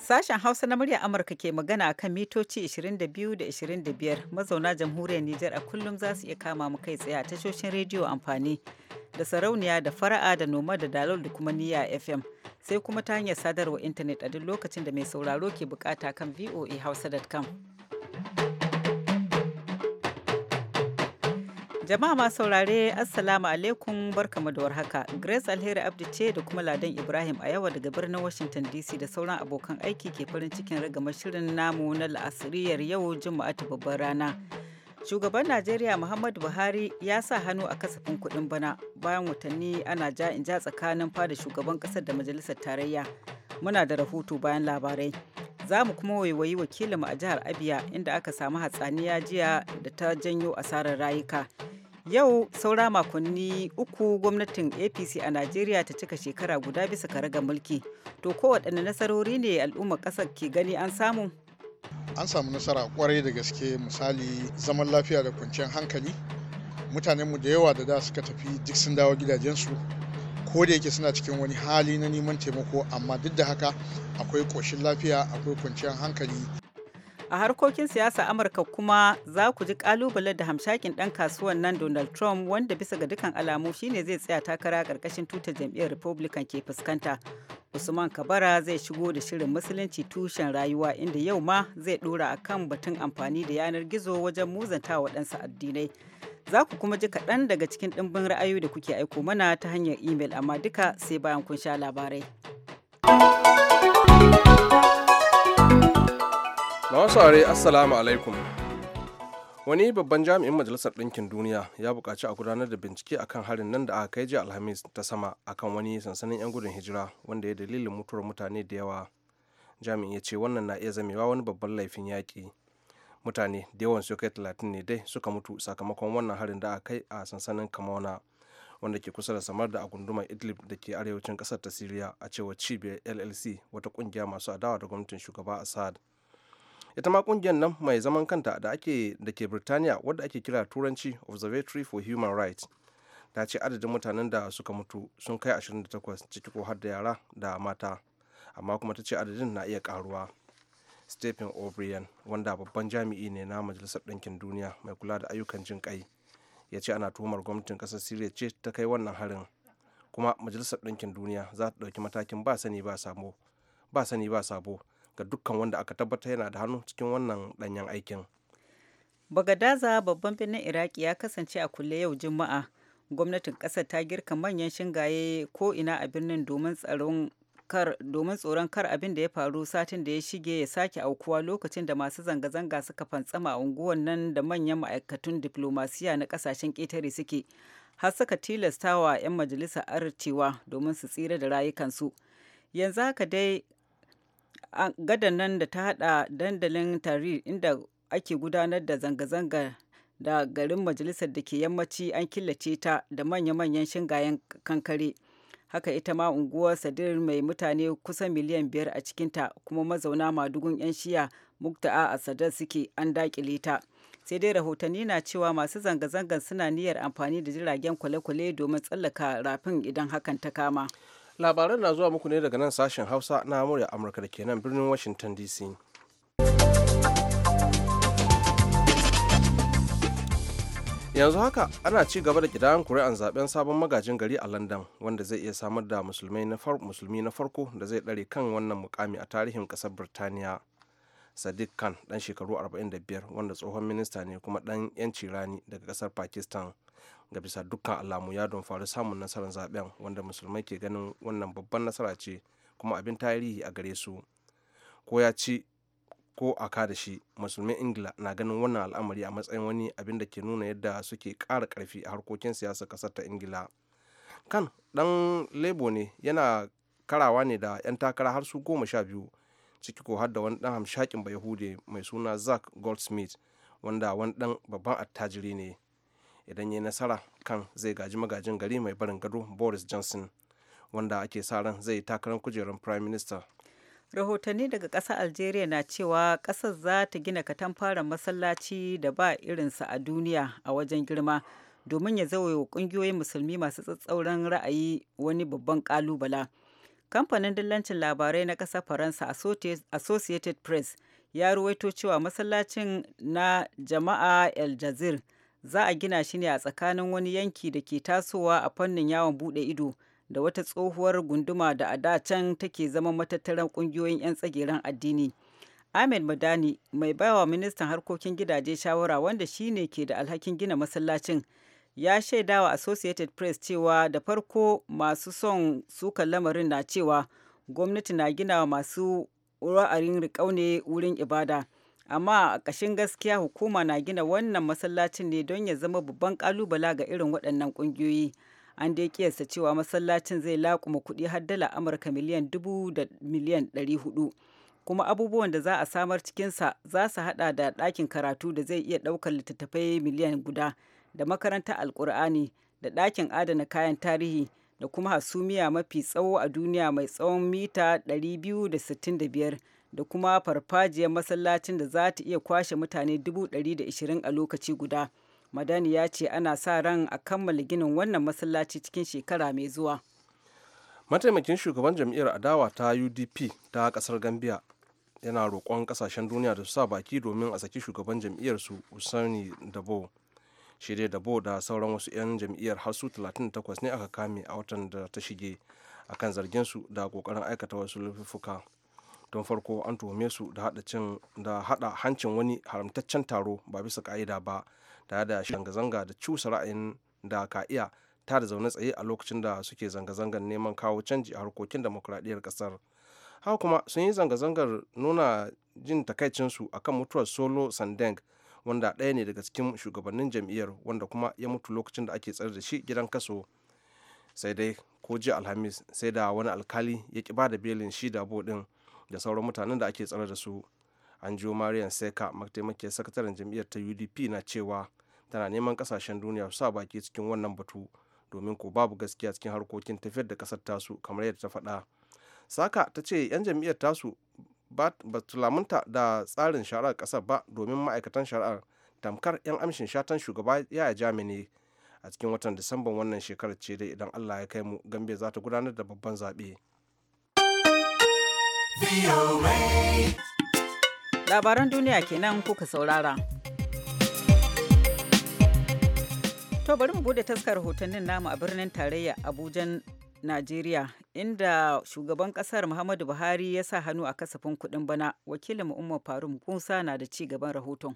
Sashen Hausa na murya Amurka ke magana kan mitoci 22 da 25 mazauna jamhuriyar Nijar a kullum za su iya kama mu kai tsaye a tashoshin rediyo amfani da sarauniya da fara'a da noma da dalol da kuma niya FM sai kuma ta hanyar sadarwa intanet a duk lokacin da mai sauraro ke bukata kan voahausa.com. Jama'a ma saurare Assalamu alaikum barkamu da warhaka. Grace Alheri Abdi ce da kuma Ladan Ibrahim a yawa daga birnin Washington DC da sauran abokan aiki ke farin cikin ragama shirin namu na la'asiriyar yau Juma'a ta babbar rana. Shugaban Najeriya Muhammadu Buhari ya sa hannu a kasafin kuɗin bana bayan watanni ana ja in ja tsakanin fada shugaban ƙasar da majalisar tarayya. Muna da rahoto bayan labarai. za mu kuma waiwayi wakilinmu a jihar abia inda aka samu hatsaniya jiya da ta janyo asarar rayuka Yau saura makonni uku gwamnatin APC a Najeriya ta cika shekara guda bisa karaga mulki. To kowaɗanne nasarori ne al'ummar ƙasar ke gani an samu? An samu nasara kwarai da gaske misali zaman lafiya da kwanciyar hankali. Mutanenmu da yawa da da suka tafi duk sun dawo gidajensu. ko da yake suna cikin wani hali na neman taimako amma duk da haka akwai koshin lafiya akwai kwanciyar hankali a harkokin siyasa amurka kuma za ku ji kalubale da hamshakin dan kasuwan nan donald trump wanda bisa ga dukan alamu shine zai tsaya takara karkashin tutar jam'iyyar republican ke fuskanta usman kabara zai shigo da shirin musulunci tushen rayuwa inda yau ma zai dora kan batun amfani da yanar gizo wajen muzanta waɗansu addinai za ku kuma ji kaɗan daga cikin ɗimbin ra'ayoyi da kuke aiko mana ta hanyar imel amma duka sai bayan kun sha labarai. masu aure assalamu alaikum wani babban jami'in majalisar ɗinkin duniya ya buƙaci a gudanar da bincike akan harin nan da aka kai jiya alhamis ta sama akan wani sansanin 'yan gudun hijira wanda ya dalilin mutuwar mutane da yawa jami'in ya ce wannan na iya zamewa wani babban laifin yaƙi mutane da yawan su kai talatin ne dai suka mutu sakamakon wannan harin da aka kai a sansanin kamona wanda ke kusa da samar da a gundumar idlib da ke arewacin ƙasar ta siriya a cewar cibiyar llc wata ƙungiya masu adawa da gwamnatin shugaba assad ita ma kungiyar nan mai zaman kanta da ake da ke birtaniya wadda ake kira turanci observatory for human rights ta ce adadin mutanen da suka mutu sun kai 28 ciki ko har da yara da mata amma kuma ta ce adadin na iya karuwa stephen o'brien wanda babban jami'i ne na majalisar ɗinkin duniya mai kula da ayyukan jin kai ya ce ana tuhumar gwamnatin ƙasar siriya ce ta kai wannan harin kuma majalisar ɗinkin duniya za ta ɗauki matakin ba sani ba sabo ga dukkan wanda aka tabbata yana da hannu cikin wannan danyen aikin bagadaza babban birnin iraki ya kasance a kulle yau juma'a gwamnatin ƙasar ta girka manyan shingaye ko ina a birnin domin tsaron kar domin tsoron kar abin da ya faru satin da ya shige ya sake aukuwa lokacin da masu zanga-zanga suka fantsama a unguwan nan da manyan ma'aikatun diplomasiya na kasashen ƙetare suke har suka tilastawa 'yan majalisa arcewa domin su tsira da rayukansu yanzu haka dai gadan nan da ta hada dandalin tarir inda ake gudanar da zanga-zanga da garin majalisar da ke yammaci an killace ta da manya-manyan shingayen kankare haka ita ma unguwar sadir mai mutane kusan miliyan biyar a cikinta kuma mazauna madugun 'yan shiya mukta'a a sadar suke an dakile ta sai dai rahotanni na cewa masu zanga-zangar suna niyyar amfani da jiragen kwale-kwale domin tsallaka rafin idan hakan ta kama labaran na zuwa muku ne daga nan sashen hausa na murya amurka da ke nan birnin washington dc yanzu haka ana ci gaba da kidayan kuri'an zaben sabon magajin gari a london wanda zai iya samar da musulmi na farko da zai ɗare kan wannan mukami a tarihin ƙasar birtaniya sadiq khan ɗan shekaru 45 wanda tsohon minista ne kuma ɗan yanci rani daga kasar pakistan ga bisa dukkan alamu ya don faru samun nasarar zaben wanda musulmai ke ganin wannan babban nasara ce kuma abin tarihi a gare su ko ya ci ko a ka da shi musulmin ingila na ganin wannan al'amari a matsayin wani abin da ke nuna yadda suke ƙara ƙarfi a harkokin siyasar ƙasar ta ingila kan ɗan lebo ne yana karawa ne da 'yan takara har su goma sha biyu ciki ko har da wani ɗan hamshakin bayahude mai suna zack goldsmith wanda wani ɗan babban attajiri ne idan ya nasara kan zai gaji magajin gari mai barin gado boris johnson wanda ake sa ran zai takarar kujerun prime minister rahotanni daga ƙasar algeria na cewa ƙasar za ta gina katamfaran masallaci da ba irinsa a duniya a wajen girma domin ya zawaye wa ƙungiyoyin musulmi masu tsatsauran ra'ayi wani babban kalubala kamfanin dillancin labarai na ƙasar faransa associated press ya ruwaito cewa masallacin na jama'a el za a gina shi ne a tsakanin wani yanki da ke tasowa a fannin yawon bude ido da wata tsohuwar gunduma da a da can take zama matattaran kungiyoyin 'yan tsageren addini ahmed madani mai bawa ministan harkokin gidaje shawara wanda shi ne ke da alhakin gina masallacin ya shaidawa associated press cewa da farko masu son sukan lamarin na cewa gwamnati na gina masu ra'ayin riƙau ne wurin ibada amma a ƙashin gaskiya hukuma na gina wannan masallacin ne don ya zama babban ƙalubala ga irin waɗannan ƙungiyoyi an dai kiyasta cewa masallacin zai laƙuma kuɗi har dala amurka miliyan dubu da miliyan ɗari hudu kuma abubuwan da za a samar cikinsa za su haɗa da ɗakin karatu da zai iya ɗaukar littattafai miliyan guda da makarantar alƙur'ani da ɗakin adana kayan tarihi da kuma hasumiya mafi tsawo a duniya mai tsawon mita 265 da kuma farfajiyar masallacin da za ta iya kwashe mutane 120 a lokaci guda. Madani ya ce ana sa ran a kammala ginin wannan masallaci cikin shekara mai zuwa. Mataimakin shugaban jam'iyyar adawa ta UDP ta kasar Gambia yana roƙon kasashen duniya da su sa baki domin a saki shugaban jam'iyyar su Usani Dabo. Shirya Dabo da sauran wasu 'yan jam'iyyar har su 38 ne aka kame a watan da ta shige akan zargin su da kokarin aikata wasu laifuka. don farko an tuhume su da hada hancin wani haramtaccen taro ba bisa ka'ida ba da da zanga-zanga da cusa ra'ayin da ka iya ta da zaune tsaye a lokacin da suke zanga-zangar neman kawo canji a harkokin demokuraɗiyyar kasar haka kuma sun yi zanga-zangar nuna jin takaicinsu akan mutuwar solo sandeng wanda ɗaya ne daga cikin shugabannin jam'iyyar wanda kuma ya mutu lokacin da ake tsar da shi gidan kaso sai dai ko ji alhamis sai da wani alkali ya ki ba da belin shi da bo din da sauran mutanen da ake tsare da su an jiyo marian seka mataimakiyar sakataren jam'iyyar ta udp na cewa tana neman kasashen duniya su sa baki cikin wannan batu domin ko babu gaskiya cikin harkokin tafiyar da kasar tasu kamar yadda ta faɗa saka ta ce 'yan jam'iyyar tasu ba su lamunta da tsarin shari'ar kasar ba domin ma'aikatan shari'ar tamkar 'yan amshin shatan shugaba yaya jamini a cikin watan disamban wannan shekarar ce dai idan allah ya kai mu gambe za ta gudanar da babban zaɓe. Labaran duniya kenan kuka saurara. To bari mu bude taskar hotonnin namu a birnin tarayya Abuja, Najeriya, inda shugaban kasar Muhammadu Buhari ya sa hannu a kasafin kuɗin bana. Wakilin Umar Faruk Musa na da ci gaban rahoton.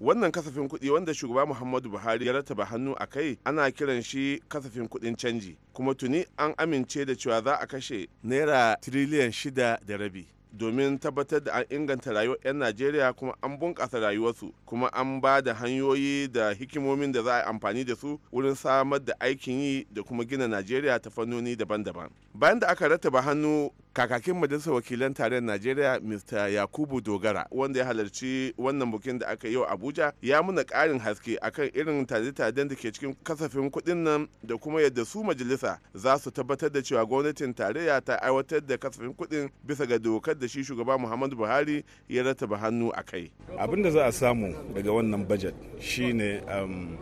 wannan kasafin kuɗi wanda shugaba muhammadu buhari ya rataba hannu a kai ana kiran shi kasafin kuɗin canji kuma tuni an amince da cewa za a kashe naira tiriliyan shida da rabi domin tabbatar da an inganta rayuwar 'yan najeriya kuma an bunƙasa rayuwarsu kuma an ba da hanyoyi da hikimomin da za a yi amfani da su wurin samar da aikin yi da kuma gina najeriya ta fannoni daban-daban bayan da aka rataba hannu kakakin majalisar wakilan tarayyar najeriya mr yakubu dogara wanda ya halarci wannan bukin da aka yi wa abuja ya muna karin haske akan irin tade da ke cikin kasafin kuɗin nan da kuma yadda su majalisa za su tabbatar da cewa gwamnatin tarayya ta aiwatar da kasafin kuɗin bisa ga dokar da shi shugaba muhammadu buhari ya rataba hannu a kai abin da za a samu daga wannan bajet shine um,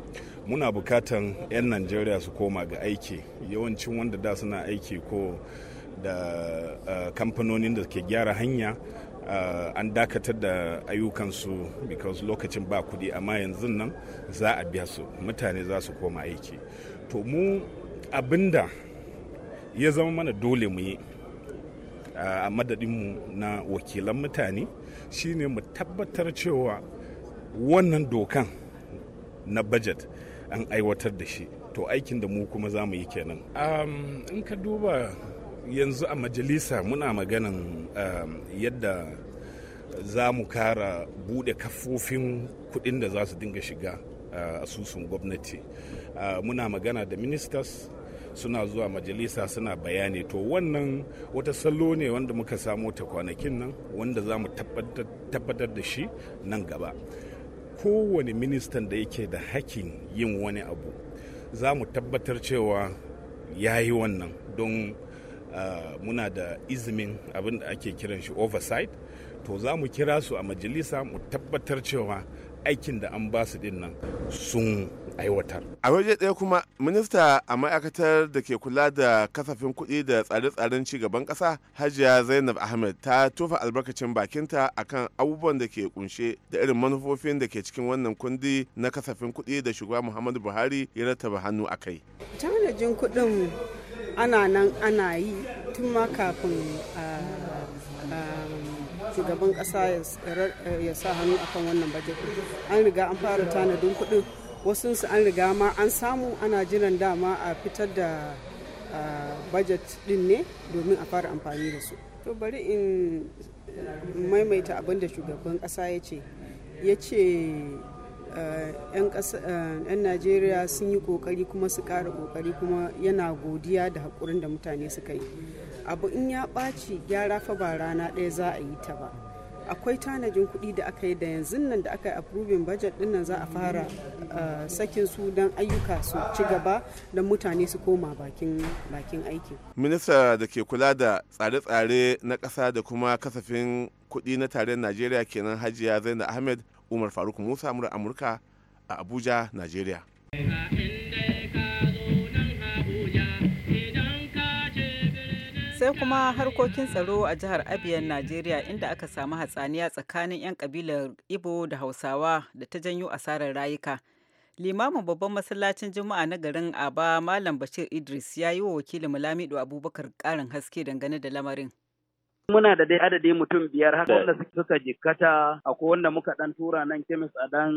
muna bukatan 'yan najeriya su koma ga aiki yawancin wanda da suna aiki ko da eh, kamfanonin da ke gyara hanya eh, an dakatar da ayyukansu because lokacin ba kudi amma yanzu nan za a biya su mutane za su koma aiki to mu abinda ya zama mana dole mu yi eh, a madadinmu na wakilan mutane shine mu tabbatar cewa wannan dokan na budget an aiwatar da shi to aikin da mu kuma za mu yi kenan in ka duba yanzu a majalisa muna maganan um, yadda za mu kara bude kafofin kudin da za su dinga shiga uh, asusun gwamnati uh, muna magana da ministers suna zuwa majalisa suna bayani to wannan wata salo ne wanda muka samo ta kwanakin nan wanda za mu tabbatar da shi nan gaba kowane ministan da yake da hakkin yin wani abu za mu tabbatar cewa ya yi wannan don Ah, muna da izinin abin da ake kiran shi oversight to za mu kira su a majalisa mu tabbatar cewa aikin da an basu din nan sun aiwatar. A waje ɗaya kuma minista a ma'aikatar da ke kula da kasafin kuɗi da tsare-tsaren cigaban ƙasa Hajiya Zainab Ahmed ta tofa albarkacin bakinta akan abubuwan da ke kunshe da irin manufofin da ke cikin wannan kundi na kasafin kuɗi da shugaba Muhammadu Buhari ya rattaba hannu a kai. ana nan ana yi tun ma kafin ah, ah, shugaban kasa ya sa hannu akan wannan bajet an riga an fara tanadin kudin wasu su an riga ma an samu ana jiran dama a fitar da ah, bajet din ne domin a fara amfani da su to bari in maimaita abin da shugaban kasa ya ce ya ce Eh, eh, 'yan najeriya sun yi kokari kuma su kara kokari kuma yana godiya da haƙurin da mutane suka yi abu in ya ɓaci gyara fa ba rana ɗaya za a yi ta ba akwai tanajin kuɗi da aka yi da yanzu nan da aka yi approving budget ɗin nan za a fara eh, sakin su don ayyuka su ci gaba don mutane su koma bakin aiki. minista da ke kula da tsare-tsare na kasa da kuma kasafin kuɗi na tarayyar najeriya kenan hajiya zainab ahmed umar faruk musa mura amurka a abuja nigeria sai kuma harkokin tsaro a jihar abiyan nigeria inda aka samu hatsaniya tsakanin 'yan kabilar ibo da hausawa da ta janyo asarar rayuka limamin babban masallacin juma'a na garin aba malam bashir idris ya yi wa wakilin mulamido abubakar karin haske dangane da lamarin Muna da dai adadi mutum biyar haka wanda suka jikkata akwai wanda muka dan tura nan kemis a dan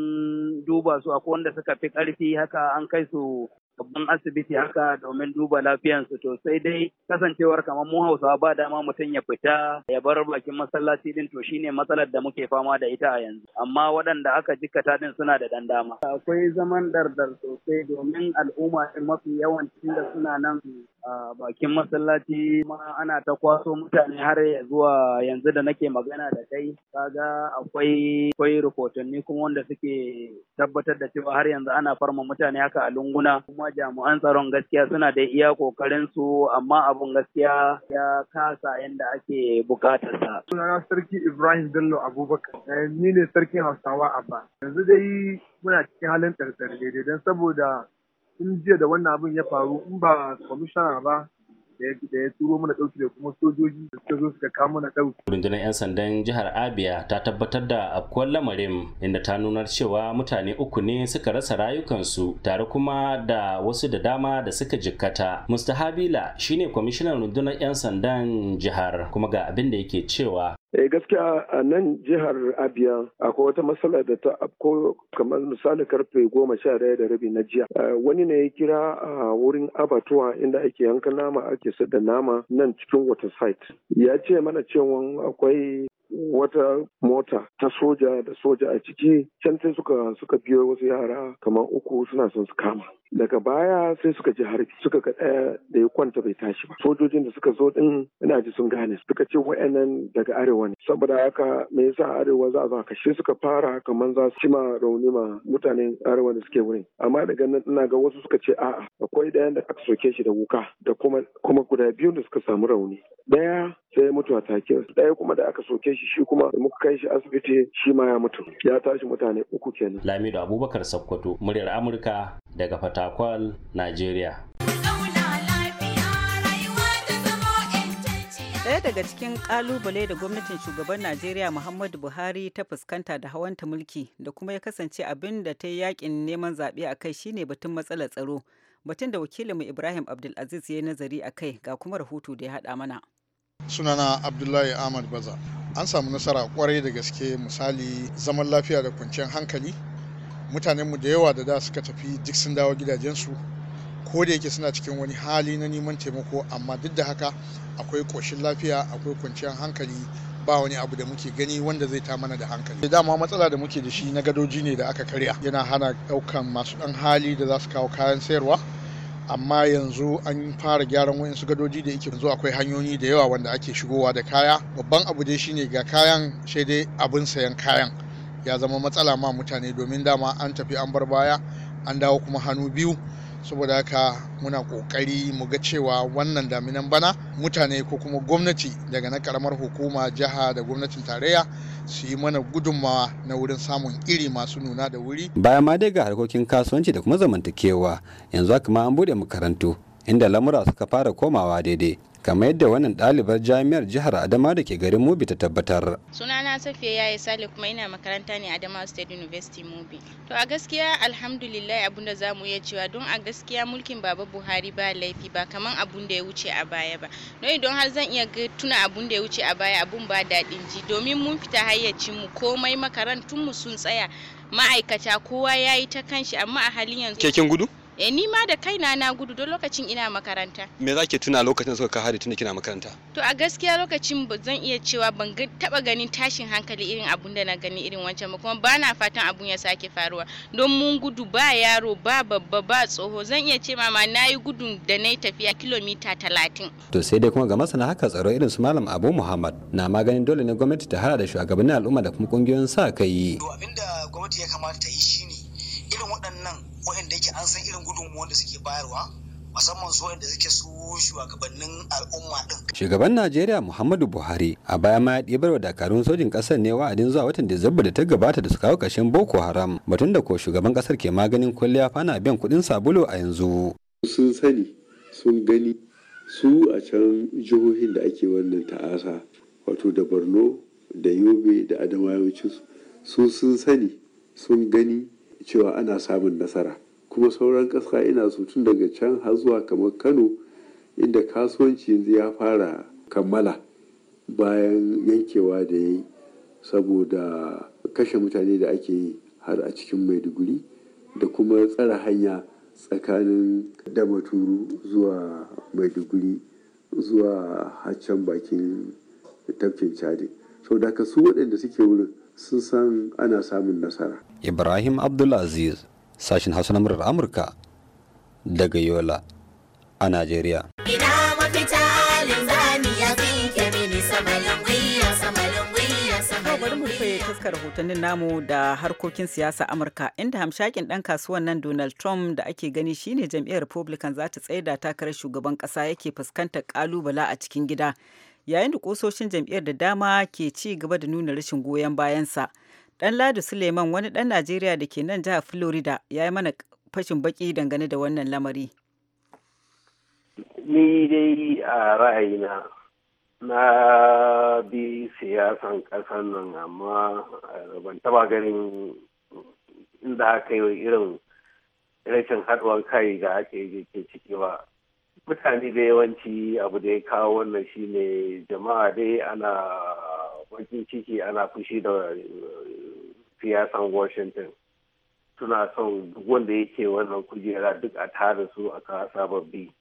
duba su akwai wanda suka fi karfi haka an kai su babban asibiti haka domin duba lafiyansu to sai dai kasancewar kamar mu hausawa ba dama mutum ya fita ya bar bakin masallaci din to shine matsalar da muke fama da ita a yanzu amma waɗanda aka jikkata din suna da dan akwai zaman dardar sosai domin al'umma mafi yawancin da suna nan a bakin masallaci ma ana ta kwaso mutane har ya zuwa yanzu da nake magana da kai kaga akwai akwai rikotanni kuma wanda suke tabbatar da cewa har yanzu ana farma mutane haka a lunguna kuma kuma jami'an tsaron gaskiya suna da iya kokarin su amma abun gaskiya ya kasa yadda ake sa. Sunana Sarki Ibrahim Bello Abubakar, eh, ni ne Sarkin Hausawa Abba. Yanzu dai muna cikin halin tsartsar daidai don saboda in jiya da wannan abin ya faru in ba kwamishina ba da ya turo mana ɗauki da kuma sojoji da suka zo suka kawo na ɗauki. Rundunar 'yan sandan jihar Abia ta tabbatar da afkuwar lamarin inda ta nunar cewa mutane uku ne suka rasa rayukansu tare kuma da wasu da dama da suka jikkata. Musta Habila shi ne kwamishinan rundunar 'yan sandan jihar kuma ga abin da yake cewa Eh gaskiya a nan jihar Abia akwai wata matsala da ta afko kamar misali karfe goma sha daya da rabi na jiya. Eh, wani ne ya kira a wurin abatuwa inda ake yanka nama ake da nama nan cikin water site. Ya ce mana cewa akwai wata mota ta soja da soja a ciki can suka biyo wasu yara kamar uku suna son su kama daga baya sai suka ji harbi suka ga ɗaya da ya kwanta bai tashi ba sojojin da suka zo din ina ji sun gane suka ce wa'annan daga arewa ne saboda haka me yasa arewa za a zo kashe suka fara kamar za su cima rauni ma mutanen arewa da suke wurin amma daga nan ina ga wasu suka ce a'a akwai ɗayan da aka soke shi da wuka da kuma kuma guda biyu da suka samu rauni ɗaya sai ya mutu a take ɗaya kuma da aka soke shi shi kuma da muka kai shi asibiti shi ma ya mutu ya tashi mutane uku kenan lamido abubakar sakkwato muryar amurka daga fata takwal najeriya. Daya daga cikin ƙalubale da gwamnatin shugaban Najeriya Muhammadu Buhari ta fuskanta da hawanta mulki da kuma ya kasance abin da ta yi yakin neman zaɓe a kai shine batun matsalar tsaro. Batun da wakilinmu Ibrahim Abdulaziz ya yi nazari a kai ga kuma rahoto da ya haɗa mana. Sunana Abdullahi Ahmad Baza. An samu nasara kwarai da gaske misali zaman lafiya da kwanciyar hankali mutanenmu da yawa da da suka tafi duk sun dawo gidajensu ko da yake suna cikin wani hali na neman taimako amma duk da haka akwai ƙoshin lafiya akwai kwanciyar hankali ba wani abu da muke gani wanda zai ta mana da hankali dama matsala da muke da shi na gadoji ne da aka karya yana hana ɗaukan masu ɗan hali da za su kawo kayan sayarwa amma yanzu an fara gyaran su gadoji da yake yanzu akwai hanyoyi da yawa wanda ake shigowa da kaya babban abu dai shine ga kayan sai dai abin sayan kayan ya zama matsala ma mutane domin dama an tafi an bar baya an dawo kuma hannu biyu saboda haka muna kokari mu ga cewa wannan daminan bana mutane ko kuma gwamnati daga na karamar hukuma jiha da gwamnatin tarayya su yi mana gudunmawa na wurin samun iri masu nuna da wuri bayan ma dai ga harkokin kasuwanci da kuma zamantakewa yanzu haka ma an bude makarantu inda lamura suka fara komawa daidai kamar yadda wannan ɗalibar jami'ar jihar adama da ke garin mobi ta tabbatar sunana safiya ya yi sale kuma ina makaranta ne adama state university mobi to a gaskiya alhamdulillah abun da zamu iya cewa don a gaskiya mulkin baba buhari ba laifi ba kaman abun da ya wuce a baya ba don idan har zan iya tuna abun da ya wuce a baya abun ba daɗin ji domin mun fita hayyacin mu komai makarantun mu sun tsaya ma'aikata kowa ya yi ta kanshi amma a halin yanzu keken gudu eh ni ma da kaina na gudu don lokacin ina makaranta me za ke tuna lokacin suka ka hari tun kina makaranta to a gaskiya lokacin ba zan iya cewa ban taba ganin tashin hankali irin abun da na gani irin wancan ba kuma ba na fatan abun ya sake faruwa don mun gudu ba yaro ba babba ba tsoho zan iya ce mama na yi gudun da na yi tafiya kilomita talatin to sai dai kuma ga masana haka tsaro irin su malam abu muhammad na maganin dole ne gwamnati ta hada da shugabannin al'umma da kuma kungiyoyin sa kai abinda gwamnati ya kamata ta yi shine irin waɗannan waɗanda yake an san irin gudunmuwan da suke bayarwa musamman su wanda suke su shugabannin al'umma din. Shugaban Najeriya Muhammadu Buhari a baya ma ya ɗibar wa dakarun sojin ƙasar ne wa'adin zuwa watan Disamba da ta gabata da su kawo ƙarshen Boko Haram batun da ko shugaban ƙasar ke maganin kwalliya fana biyan kuɗin sabulu a yanzu. Sun sani sun gani su a can jihohin da ake wannan ta'asa wato da Borno da Yobe da Adamawa sun sun sani sun gani cewa ana samun nasara kuma sauran ƙasa ina so tun daga can har zuwa kamar kano inda kasuwanci yanzu ya fara kammala bayan yankewa da ya yi saboda kashe mutane da ake yi har a cikin maiduguri da kuma tsara hanya tsakanin damaturu zuwa maiduguri zuwa haccan bakin tafkin chadin sau da su waɗanda suke wurin sun san ana samun nasara ibrahim abdulaziz sashen hausa na murar amurka daga yola a najeriya fuskar rahotannin namu da harkokin siyasa amurka inda hamshakin dan kasuwan nan donald trump da ake gani shine jam'iyyar republican za ta tsaida takarar shugaban kasa yake fuskantar kalubala a cikin gida yayin da kusoshin jam'iyyar da dama ke ci gaba da nuna rashin goyon bayansa dan ladu suleiman wani dan najeriya da ke nan jihar florida ya yi mana fashin baki dangane da wannan lamari ni dai a ra'ayina na bi siyasan ƙasar nan amma eh, ban taba ganin inda aka yi irin rashin haɗuwar kai da ake ke ciki ba mutane da yawanci abu da ya kawo wannan shine jama'a dai ana bakin ciki ana fushi da eh, siyasan washington suna son duk wanda yake wannan kujera duk a tara su a ka sababbi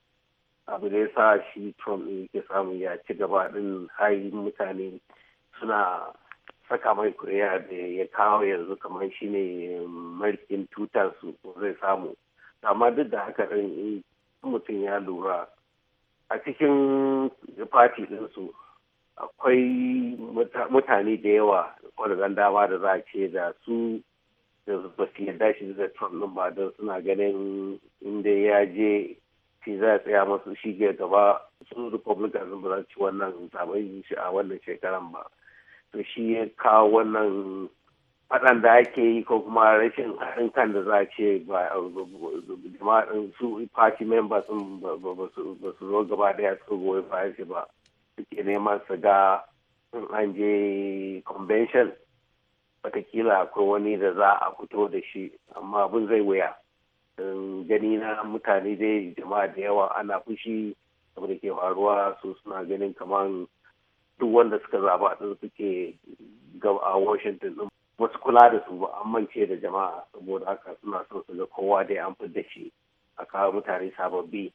abu da ya sa shi trump ɗin yake samu ya ci gaba din har mutane suna saka mai kuriya da ya kawo yanzu kamar shine eh, mulkin tutar su zai samu amma duk da haka ɗin eh, mutum ya lura a cikin fati ɗinsu akwai mutane da yawa wadannan dama da za a ce da su da ba su yarda shi da Trump nan ba don suna ganin inda ya je shi za a tsaya masu shi ga gaba su Republicans ba za ci wannan zaben shi a wannan shekaran ba to shi ya kawo wannan faɗan da ake yi ko kuma rashin haɗin kan da za a ce ba su party members ba su zo gaba daya su goyi bayan shi ba suke neman su ga an je convention watakila akwai wani da za a fito da shi amma abin zai wuya gani na mutane dai jama'a da yawa ana fushi abu da ke faruwa su suna ganin kamar duk wanda suka zaba din suke a washington din wasu kula da su ba an mance da jama'a saboda haka suna so su ga kowa dai an fi da shi a kawo mutane sababbi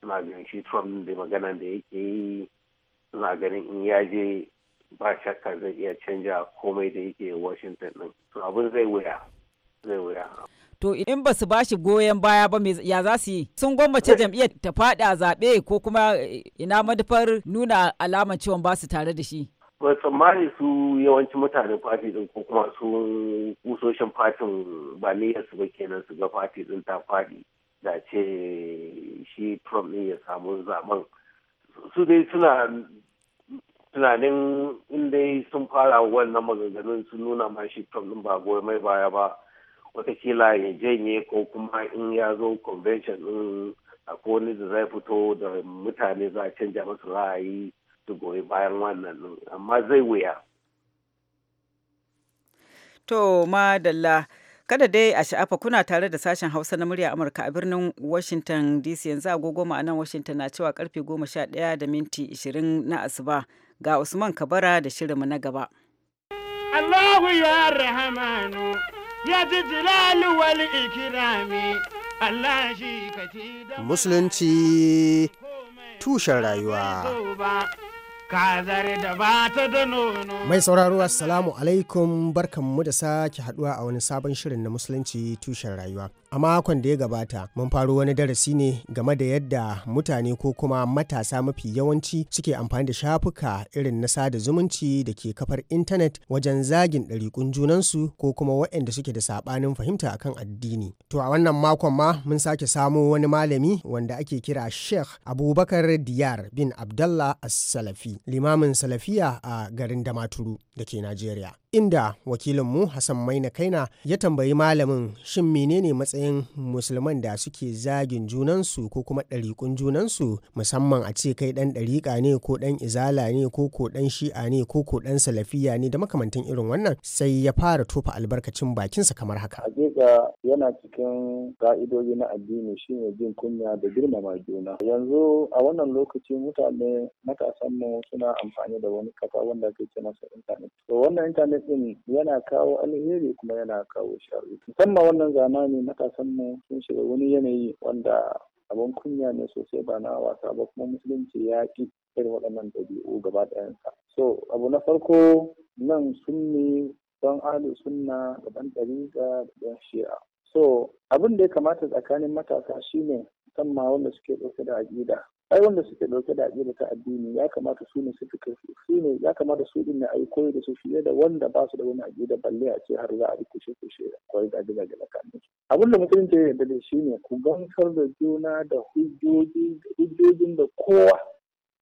suna ganin shi Trump da magana da yake yi suna ganin in ya je ba shakka zai iya canja komai da yake Washington din to abin zai wuya zai wuya to in ba su bashi goyon baya ba ya za su yi sun gwammace jam'iyyar ta fada zaɓe ko kuma eh, ina madafar nuna alamar cewa ba su tare da shi ba tsammani su yawanci mutanen fati din ko kuma su kusoshin fatin ba niyyarsu ba kenan su ga fati din ta faɗi da ce shi trump ne ya samu zaben su dai suna tunanin inda sun fara wannan maganganun sun nuna ma shi trump din ba goyi mai baya ba watakila ya janye ko kuma in ya zo convention din a wani da zai fito da mutane za a canja masu ra'ayi su goyi bayan wannan amma zai wuya to madalla kada dai a sha'afa kuna tare da sashen hausa na murya amurka a birnin washington dc yanzu agogo ma'anan washington na cewa karfe 11 da minti 20 na asuba ga usman kabara da shirinmu na gaba allahu ya rahamanu ya ji jilali wal ikirami allah shi ka da musulunci tushen rayuwa Mai sauraro Assalamu alaikum barkanmu da sake haduwa a wani sabon shirin na Musulunci tushen rayuwa. a makon da ya gabata mun faro wani darasi ne game da yadda mutane ko kuma matasa mafi yawanci suke amfani da shafuka irin na sada zumunci da ke kafar intanet wajen zagin ɗariƙun junansu ko kuma waɗanda suke da saɓanin fahimta akan addini to a wannan makon ma mun sake samo wani malami wanda ake kira sheikh abubakar diyar bin abdallah as-salafi limamin salafiya a garin damaturu da ke najeriya inda wakilinmu Hassan Maina Kaina ya tambayi malamin shin menene matsayin musulman da suke zagin junansu ko kuma ɗariƙun junansu musamman a ce kai ɗan ɗarika ne ko ɗan izala ne ko ko ɗan shi'a ne ko ko ɗan salafiya ne da makamantan irin wannan sai ya fara tofa albarkacin bakinsa kamar haka. Hakika yana cikin ka'idoji na addini shine jin kunya da girmama juna. Yanzu a wannan lokaci mutane matasanmu suna amfani da wani kafa wanda ake ce masa intanet. To wannan intanet ɗin yana kawo alheri kuma yana kawo sharri musamman wannan zamani matasan mu sun shiga wani yanayi wanda abin kunya ne sosai ba na wasa ba kuma musulunci ya ƙi irin waɗannan ɗabi'u gaba ɗayansa so abu na farko nan sunni don ahli sunna da ɗan ɗariƙa da ɗan shi'a so abin da ya kamata tsakanin matasa shine musamman wanda suke ɗauke da aƙida ai wanda suke dauke da addini ta addini ya kamata su ne su su ne ya kamata su din ne ai koyi da su fiye da wanda ba su da wani aqida balle a ce har za a kushe kushe koyi da aqida da kanin abin da mutum ke yadda da shi ne ku gamsar da juna da hujjoji hujjojin da kowa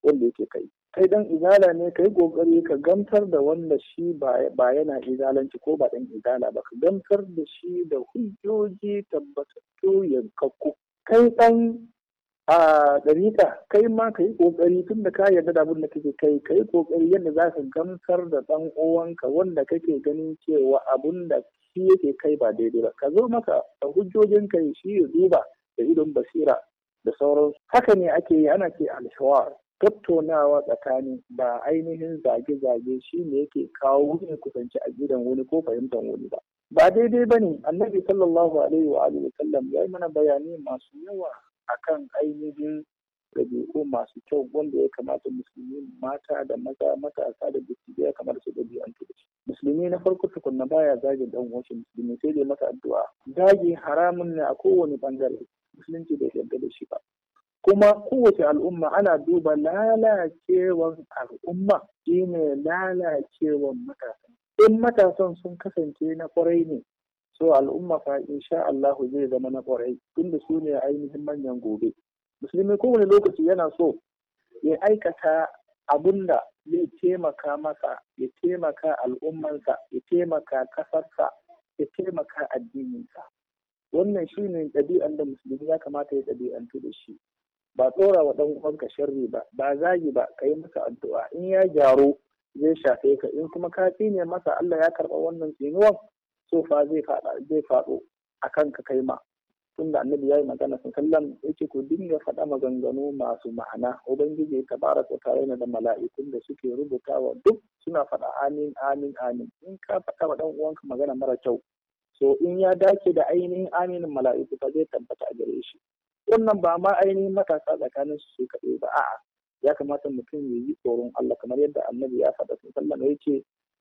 wanda yake kai kai dan izala ne kai kokari ka gamsar da wanda shi ba yana izalanci ko ba dan izala ba ka gamsar da shi da hujjoji tabbatattu yankakku kai dan a ɗariƙa kai ma ka yi ƙoƙari tun da ka yarda da abin da kake kai ka yi ƙoƙari yadda za ka gamsar da ɗan uwanka wanda kake ganin cewa abun da shi yake kai ba daidai ba ka zo maka da hujjojin kai shi ya duba da idon basira da sauransu haka ne ake yi ana ce alshawar tattaunawa tsakanin, ba ainihin zage-zage shi ne yake kawo wani kusanci a gidan wani ko fahimtar wani ba ba daidai ba ne annabi sallallahu alaihi wa sallam ya yi mana bayani masu yawa akan ainihin ɗabi'u masu kyau wanda ya kamata musulmi mata da maza matasa da dattijai ya kamata su ɗabi'antu da shi musulmi na farko tukunna baya zage dan wasu musulmi sai dai masa addu'a zage haramun ne a kowane bangare musulunci bai yarda da shi ba kuma kowace al'umma ana duba lalacewar al'umma shine lalacewan matasan in matasan sun kasance na kwarai ne so al'umma fa insha Allah zai zama na kwarai tunda su ne ainihin manyan gobe musulmi kowane lokaci yana so ya aikata abun da zai taimaka masa ya taimaka al'ummansa ya taimaka kasarsa ya taimaka addininsa wannan shi ne ɗabi'an da musulmi ya kamata ya ɗabi'antu da shi ba tsora wa ɗan uwanka sharri ba ba zagi ba ka yi masa addu'a in ya gyaro zai shafe ka in kuma ka tsine masa Allah ya karɓa wannan tsinuwan Sofa zai zai faɗo akan ka kai ma tunda annabi yi magana sun ya ce ku dinga faɗa maganganu masu ma'ana ubangiji tabaraka ta'ala yana da mala'ikun da suke rubutawa duk suna faɗa amin amin amin in ka faɗa wa dan uwanka magana mara kyau so in ya dace da ainihin aminin mala'iku ka zai tabbata a gare shi wannan ba ma ainihin matasa tsakanin su su kaɗai ba a'a ya kamata mutum ya yi tsoron Allah kamar yadda annabi ya faɗa sun kallon ya ce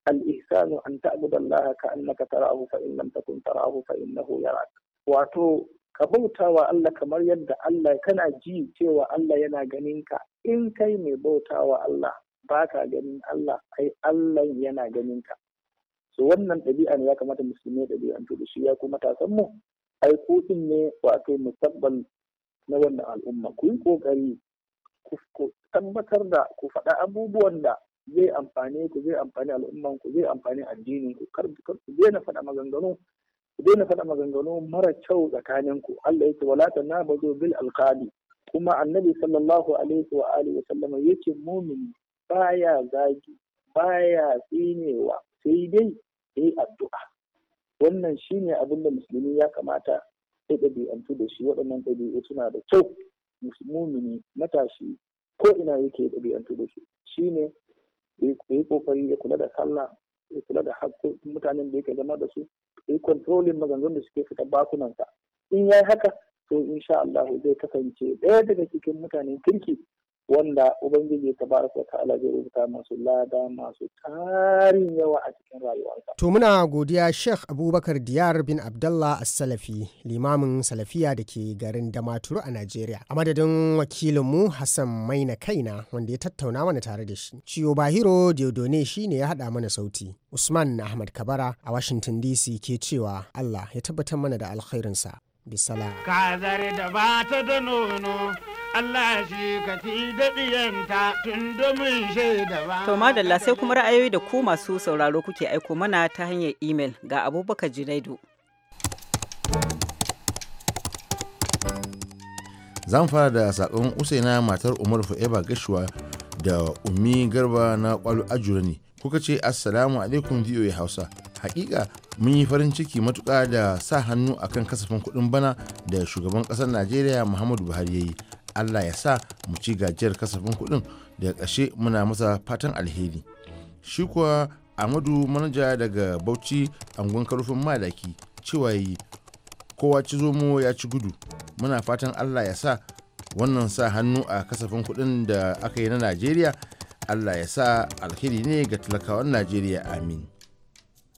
al-ihsanu an ta'budu Allah ka annaka tarahu fa in lam takun tarahu fa innahu yarak wato ka bautawa Allah kamar yadda Allah kana ji cewa Allah yana ganin ka in kai mai bautawa Allah baka ganin Allah ai Allah yana ganin ka so wannan ɗabi'a ne ya kamata musulmi ɗabi'antu da shi ya kuma san mu ai kutun ne wato musabbal na wannan al'umma ku yi ƙoƙari ku tabbatar da ku faɗa abubuwan da zai amfane ku zai amfani al'umman ku zai amfani addinin ku kar ku daina faɗa maganganu ku daina faɗa maganganu mara kyau tsakanin ku Allah yake wala tanabazu bil alqadi kuma annabi sallallahu alaihi wa alihi wa sallama yake mumini baya zagi baya tsinewa sai dai yayi addu'a wannan shine abin da musulmi ya kamata ya ɗabi'antu da shi waɗannan ɗabi'u suna da kyau mumini matashi ko ina yake ɗabi'antu da shi shine ya yi kokari ya kula da sallah ya kula da haƙƙoƙin mutanen da yake zama da su ya yi kontrolin maganganun da suke fita bakunansa in ya yi haka to insha Allah zai kasance ɗaya daga cikin mutanen kirki wanda ubangiji ta baraka ta'ala zai rubuta masu lada masu tarin yawa a cikin rayuwarsa. To muna godiya Sheikh Abubakar Diyar bin Abdullah As-Salafi limamin Salafiya da ke garin Damaturu a Najeriya. A madadin wakilinmu Hassan Maina Kaina wanda ya tattauna mana tare da shi. Ciyo Bahiro Diodone shi ne ya haɗa mana sauti. Usman Ahmad Kabara a Washington DC ke cewa Allah ya tabbatar mana da alkhairinsa. bisala kazar da ba ta da nono Allah shi ka ci daɗiyanta tun domin shaida ba. To madalla sai kuma ra'ayoyi da ku masu sauraro kuke aiko mana ta hanyar imel ga abubakar junaidu. Zan fara da saƙon Usaina matar Umar Fu'eba Gashuwa da Umi Garba na Kwalu ne Kuka ce Assalamu alaikum VOA Hausa. hakika mun yi farin ciki matuƙa da sa hannu a kan kasafin kuɗin bana da shugaban ƙasar najeriya muhammadu buhari ya yi allah ya sa mu ci gajiyar kasafin kuɗin daga ƙashe muna masa fatan alheri shi kuwa amadu manaja daga bauchi angon karfin madaki cewa yi kowa ci zomo ya ci gudu muna fatan allah ya sa wannan sa hannu a kasafin kuɗin da aka yi na najeriya allah ya sa alheri ne ga talakawan najeriya amin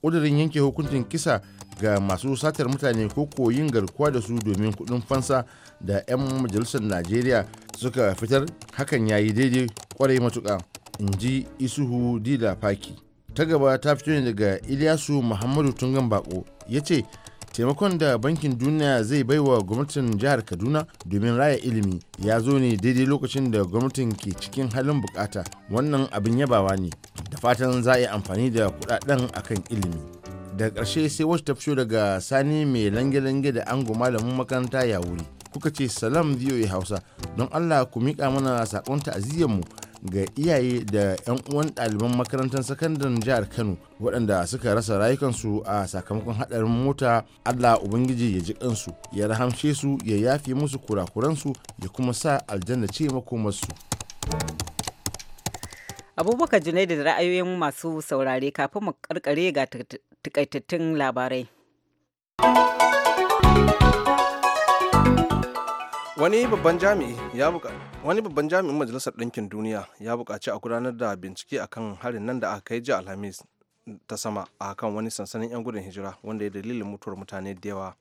ƙudurin yanke hukuncin kisa ga masu satar mutane ko koyin garkuwa da su domin kuɗin fansa da 'yan majalisar najeriya suka fitar hakan ya yi daidai kwarai matuka in ji isuhu dila faki ta gaba ta fito ne daga iliyasu muhammadu tungan bako ya ce taimakon da bankin duniya zai baiwa gwamnatin jihar kaduna domin raya ilimi ya zo ne daidai lokacin da gwamnatin ke cikin halin bukata wannan abin yabawa ne da fatan za a yi amfani da kudaden akan ilimi da ƙarshe sai wacce ta fito daga sani mai lange-lange da ango malamin makaranta ya wuri kuka ce salam ya hausa don allah ku mika mana saƙon ta'aziyyar mu ga iyaye da 'yan uwan ɗaliban makarantar sakandaren jihar kano waɗanda suka rasa rayukansu a sakamakon haɗarin mota allah ubangiji ya ji kansu ya rahamshe su ya yafi musu kurakuransu ya kuma sa aljanna ce makomarsu abubakar junaidu da ra'ayoyin masu saurare kafin mu karkare ga takaitattun labarai wani babban jami'i ya wani babban jami'in majalisar ɗinkin duniya ya buƙaci a gudanar da bincike akan harin nan da aka kai ji alhamis ta sama a kan wani sansanin 'yan gudun hijira wanda ya dalilin mutuwar mutane da yawa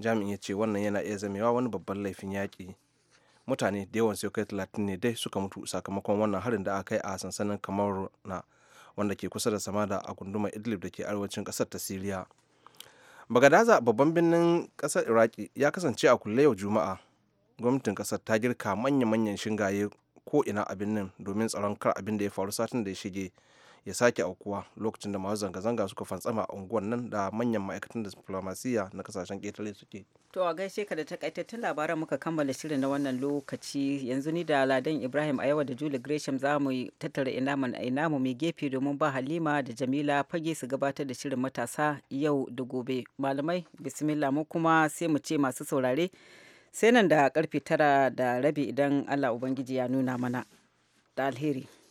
jami'in ya ce wannan yana iya zamewa wani babban laifin yaƙi mutane da yawan sai kai talatin ne dai suka mutu sakamakon wannan harin da aka kai a sansanin kamar na wanda ke kusa da sama da a gunduma idlib da ke arewacin ƙasar ta siriya bagadaza babban birnin ƙasar iraki ya kasance a kulle yau juma'a gwamnatin kasar ta girka manya-manyan shingaye ko ina abin nan domin tsaron kar abin da ya faru satin da ya shige ya sake aukuwa lokacin da masu zanga-zanga suka fantsama a unguwan nan da manyan ma'aikatan da diplomasiya na kasashen ƙetare suke. To a gaishe ka da takaitattun labaran muka kammala shirin na wannan lokaci yanzu ni da Ladan Ibrahim a yawa da Julie Gresham za mu tattara ina mu mai gefe domin ba Halima da Jamila fage su gabatar da shirin matasa yau da gobe. Malamai bismillah mu kuma sai mu ce masu saurare sai nan da karfe tara da rabi idan allah ubangiji ya nuna mana da alheri